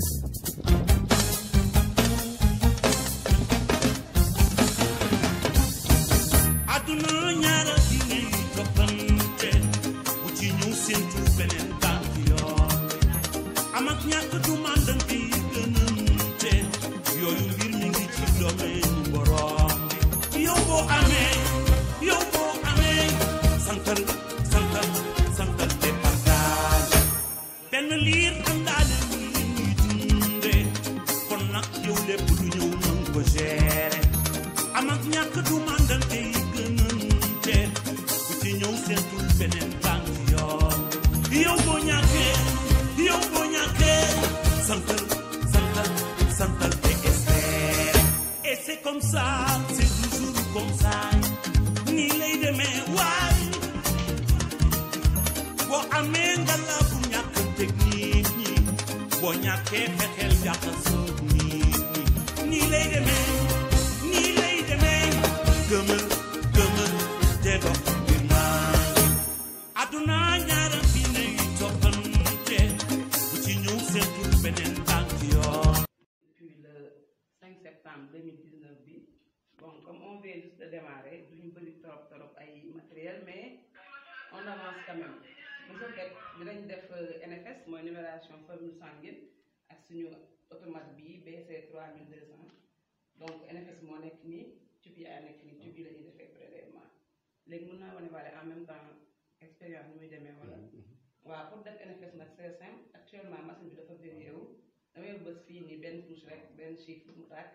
Thank you. c'est comme ça, c'est toujours comme ça. Ni les demain, why? Bo amenga la bunya technique, bo nya ke fekel ya ni ni les demain. comme on vient juste de démarrer duñu bëri trop trop ay matériel mais on avance quand même bu fekkee dinañ def euh, NFS mooy numération formule sanguine ak suñu automate bi BC 3200 donc NFS moo nekk nii tube yaa nekk nii tube yi defee prélèvement léegi mën naa wane waale en même temps expérience ni muy demee wala mm-hmm, mm-hmm. waaw pour def NFS nag c'est simple actuellement machine bi dafa verrouillé wu damay bës fii nii benn touche rek benn chiffre mu tàkk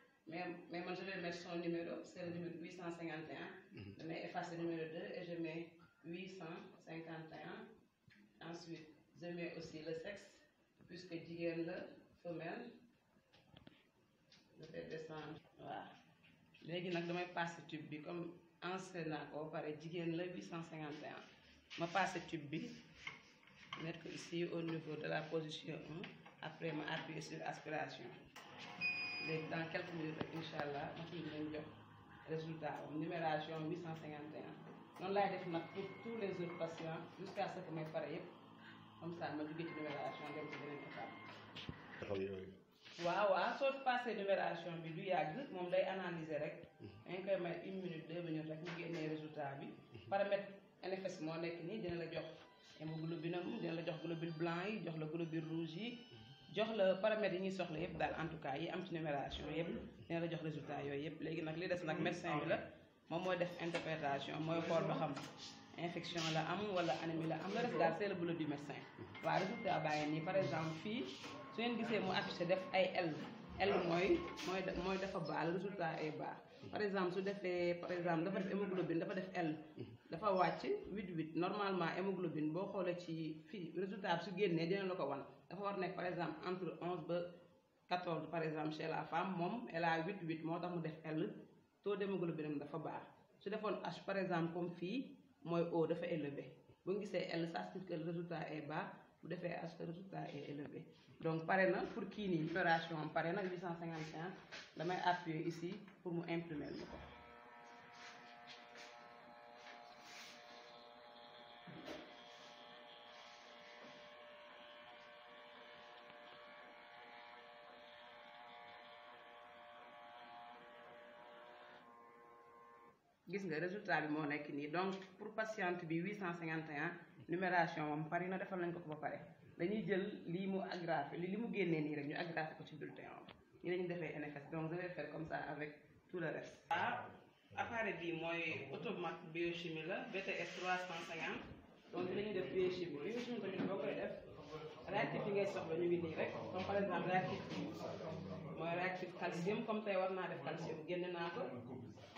mais mais je vais mettre son numéro c'est le numéro 851. Mhm. je vais effacer numéro 2 et je mets 851 ensuite je mets aussi le sexe puisque j'ai le femelle je vais descendre voilà. vais je damay passer tube comme en encore par ba pare le la 851 ma le tube bi mettre ici au niveau de la position 1 après ma sur aspiration léegi dans quelques minutes rek incha allah ma ciy leen jox résultat am numération 851 noonu laay def nag pour tous les autres patients jusqu'à ce que may pare yëpp comme ça ma jóge ci numération dem ci beneen étape. taxaw yooyu. waaw waaw soo passé numération bi du yàgg moom day analyser rek. Mhm. dañ koy may une minute deux minutes rek ñu génnee résultat bi. paramètre NFS moo nekk nii dina la jox hémoglobine am dina la jox globule blanc yi jox la globule rouge yi. jox la paramètres yi ñuy soxla yëpp daal en tout cas yi am ci numération yëpp dina la jox résultat yooyu yëpp léegi nag li des nag médecin bi la moom mooy def interprétation mooy xool ba xam infection la am wala anémie la am la def daal c'est le boulot du médecin waaw résultat bàyyi nii par exemple fii su ngeen gisee mu affiché def ay L L mooy mooy mooy dafa baax résultat ay baax par exemple su defee par exemple dafa def hémoglobine dafa def L dafa 8 8 normalement hémoglobine bo xolé ci résultat su la par exemple entre 11 ba 14 par exemple chez la femme elle a 8 8 mu taux d'hémoglobine H par exemple comme élevé bu ça que le résultat est bas bu H le résultat est élevé donc par pour qui opération damay ici pour imprimer gis nga résultat bi moo nekk nii donc pour patiente bi 851 numération moom pari na defal nañ ko ko ba pare dañuy jël lii mu agrafé li mu génnee nii rek ñu agrafé ko ci bulletin om ñi lañu defee NFS donc je vais faire comme ça avec tout le reste waaw ah, appareil bi mooy automat biochimie la BTS 350 donc li lañuy def biochimie biochimie tamit boo koy def réactif yi ngay soxla ñu ngi nii rek comme par exemple réactif mooy réactif calcium comme tey war naa def calcium génne naa ko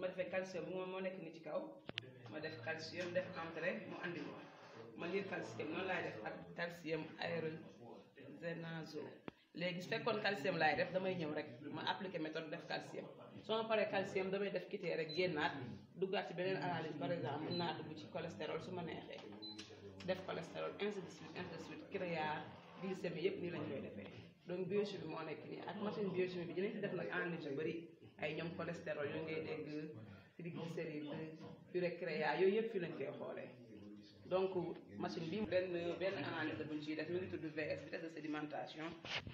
ma defee calcium bu moom moo nekk nii ci kaw ma def calcium def entré mu andi ko ma liir calcium noonu laay def ak calcium aérogenazo léegi su fekkoon calcium laay def damay ñëw rek ma appliqué méthode def calcium soo ma paree calcium damay def quitté rek génnaat duggaat ci beneen analyse par exemple mën naa dugg ci cholestérol su ma neexee def cholestérol ainsi de suite ainsi de suite créar glycémie yëpp nii lañ koy defee donc biochimie moo nekk nii ak machine biochimie bi dinañ def nag analyse yu bëri ay ñoom cholestérol donc machine bi benn benn analyse buñ ciy def de ngi tudd de sédimentation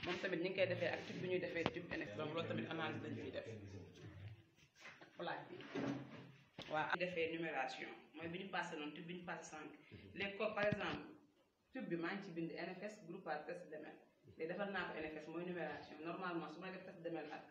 moom tamit ñu ngi koy tube tamit analyse def numération tube par exemple tube bi ci NFS groupe à test de léegi defal ko NFS mooy numération normalement su def ak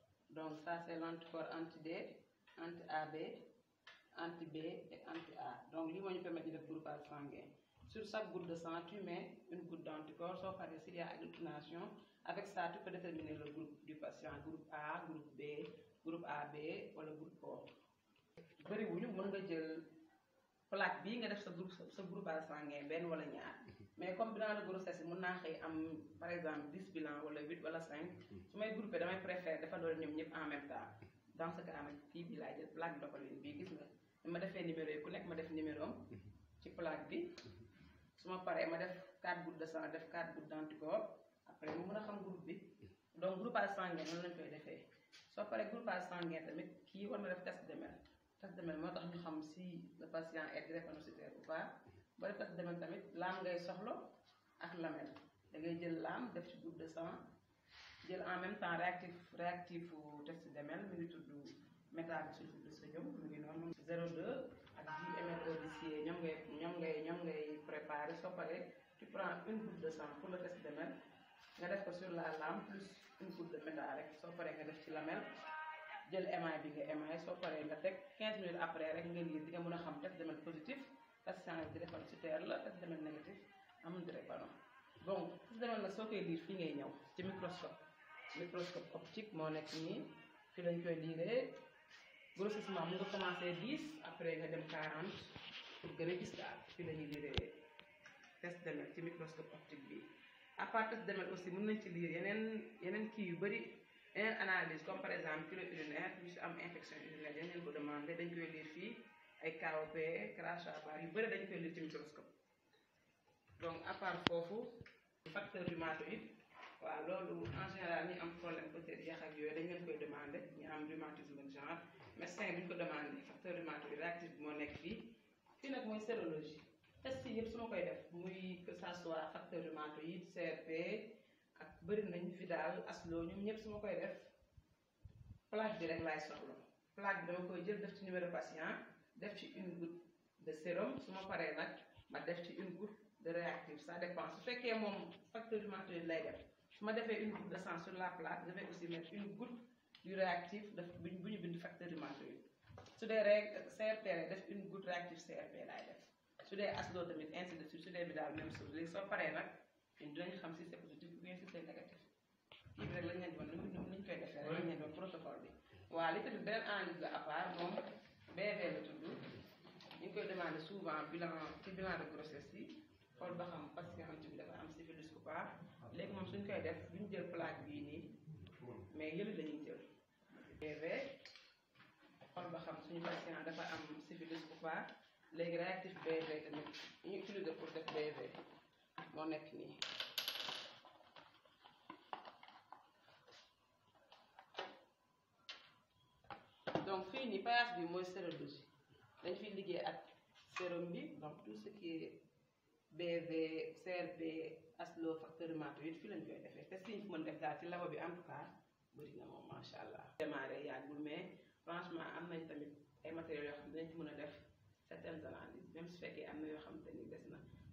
Donc ça, c'est l'anticorps anti-D, anti-AB, anti-B et anti-A. Donc, lui, on peut mettre le groupe sanguin. Sur chaque goutte de sang, tu mets une goutte d'anticorps, sauf à s'il y a Avec ça, tu peux déterminer le groupe du patient, groupe A, groupe B, groupe AB ou le groupe O. plaque bi nga def sa groupe sa groupe sangé ben wala ñaar mais comme bilan de grossesse mën naa xëy am par exemple 10 bilan wala 8 wala 5 su may groupé damay préférer dafa doon ñoom ñëpp en même temps dans ce cas nag kii bi la jël plaque doxalin bi gis nga ma defee numéro ku nek ma def numéro ci plaque bi su ma paree ma def carte gouttes de sang def carte gouttes d'anticorps après mu mëna xam groupe bi donc groupage sangé non lañ koy defee soo paree groupage sangé tamit ki war def test de mère test de domaine moo tax ñu xam si le patient est drépanocytaire ou pas booy test de domaine tamit laam ngay soxla ak lamel da ngay jël laam def ci groupe de sang jël en même temps réactif réactif test de domaine mi ngi tudd métabilisulfure de sodium mu ngi noonu 02 ak 10 ml eau de sier ñoom ngay ñoom ngay ñoom ngay préparer soo paree tu prends une goutte de sang pour le test de nga def ko sur la lame plus une goutte de métal rek soo paree nga def ci lamel jël émail bi nga émail soo paree nga teg 15 minutes après rek nga lire di a xam test fii ngay ñëw ci microscope microscope optique moo nekk nii fii lañ koy liiree grossissement mu nga commencé 10 après nga dem 40 pour gën a gis daal fii la ñuy liiree test demal ci microscope optique bi à part test aussi mën nañ ci lire yeneen yeneen kii yu bëri. Une analyse comme par exemple le urinaire puis am infection urinaire on leen demander demandé dañ koy lire fii ay KOP crachat bar yu bëri dañ koy lire ci microscope donc à part le facteur rhumatoïde ou alors en général ñi am problème peut-être yax ak demander dañ il koy a un am rhumatisme de genre mais c'est ñu ko demandé facteur rhumatoïde réactif bi moo nekk fii fii nag sérologie test yi yëpp su ma koy def muy que ça soit facteur rhumatoïde CRP bëri nañu fi daal asloo ñoom ñëpp su ma koy def plaque bi rek laay soxla plaque bi dama koy jël def ci numéro patient def ci une goutte de sérum su ma paree nag ma def ci une goutte de réactif ça dépend su fekkee moom facteur humanitaire lay def su ma defee une goutte de sang sur la plaque je vais aussi mettre une goutte du réactif daf bu ñu bind facteur humanitaire su dee rek CRP lay def une goutte réactif CRP laay def su dee asloo tamit ainsi su dee bi daal même paree nag fi ñu dinañ xam si c'est positif ou bien si c'est négatif kii bi rek lañ leen doon nu ñu koy defee rek lañ leen doon bi waaw li ci des beneen analyse la à part moom BV la tudd ñu ngi koy demandé souvent bilan ci bilan de grossesse xool ba am syphilis ou pas léegi moom suñ koy def duñ jël plaque bii nii mais yële lañuy jël BV xool ba xam suñu patient dafa am syphilis ou pas léegi réactif BV tamit ñu utiliser pour def BV moo nekk nii donc fii nii page bi mooy sérologie dañ fi liggéey ak sérum bi donc tout ce qui est BV CRP aslo facteur hématoïde fii lañ koy defee te si ñu mën def daal ci labo bi am tout cas bëri na moom macha allah. démarré yàggul mais franchement am nañ tamit ay matériels yoo xam dañ ci mën a def certaines analyses même su fekkee am na yoo xam te ni des na.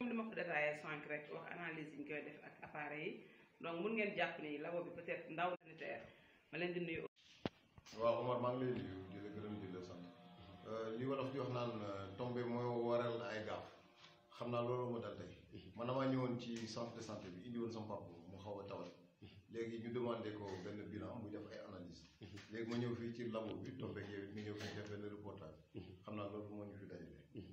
comme dama ko détaillé sànq rek wax analyse ñu koy def ak appareil yi donc ngeen ni labo bi peut-être ndaw na teer ma leen di nuyu. Omar maa ngi lay nuyu di la gërëm di la sant euh, li wolof di wax naan euh, waral ay gaaf xam naa loolu dal tey man damaa ñëwoon ci centre de santé bi indi woon sama papa mu xaw a tawat ñu demandé ko bilan def ay analyse ma ci labo bi tombé yow it nga ñëw def benn reportage ñu fi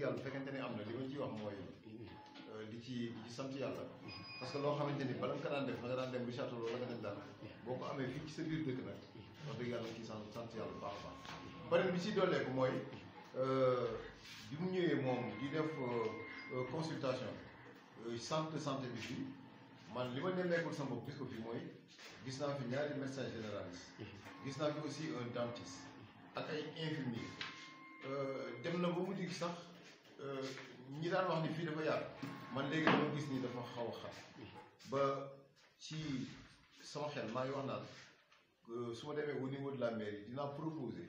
yàlla bu fekkente ne am na li ma ci wax mooy euh, di ci di ci sant yàlla parce que loo xamante ni bala nga ko daan def nga daan dem bu château loolu la nga dem daan boo ko amee fii ci sa biir dëkk nag wax dëgg yàlla ci sant sant yàlla bu baax a baax beneen bi ci dooleeku mooy euh, bi mu ñëwee moom di def euh, consultation centre santé bi fii man li ma nemmeekul sama bopp gis ko fii mooy gis naa fi ñaari médecin généraliste gis naa fi aussi un dentiste ak ay infirmier dem na ba mu dig sax euh, ñi daan wax ni fii dafa yaatu man léegi dama gis ni dafa xaw a xas ba ci sama xel maa ngi wax naan euh, su ma demee au niveau de la mairie dinaa proposer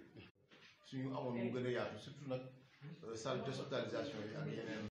suñu amoon mu gën a yaatu surtout nag euh, salle d'hospitalisation yi ak yeneen